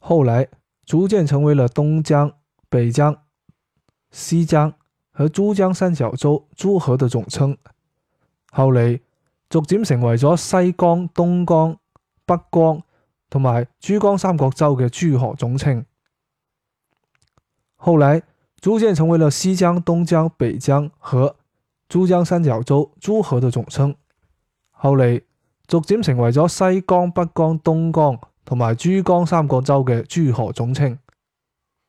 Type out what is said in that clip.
後來逐漸成為了東江北江、西江和珠江三角洲諸河的總稱。後嚟逐漸成為咗西江東江北江同埋珠江三角洲嘅諸河總稱。後來逐漸成為了西江東江，北江，江，江，東江北江和珠江三角洲諸河的總稱。後嚟逐漸成為咗西江北江東江。東江同埋珠江三角洲嘅諸河總稱。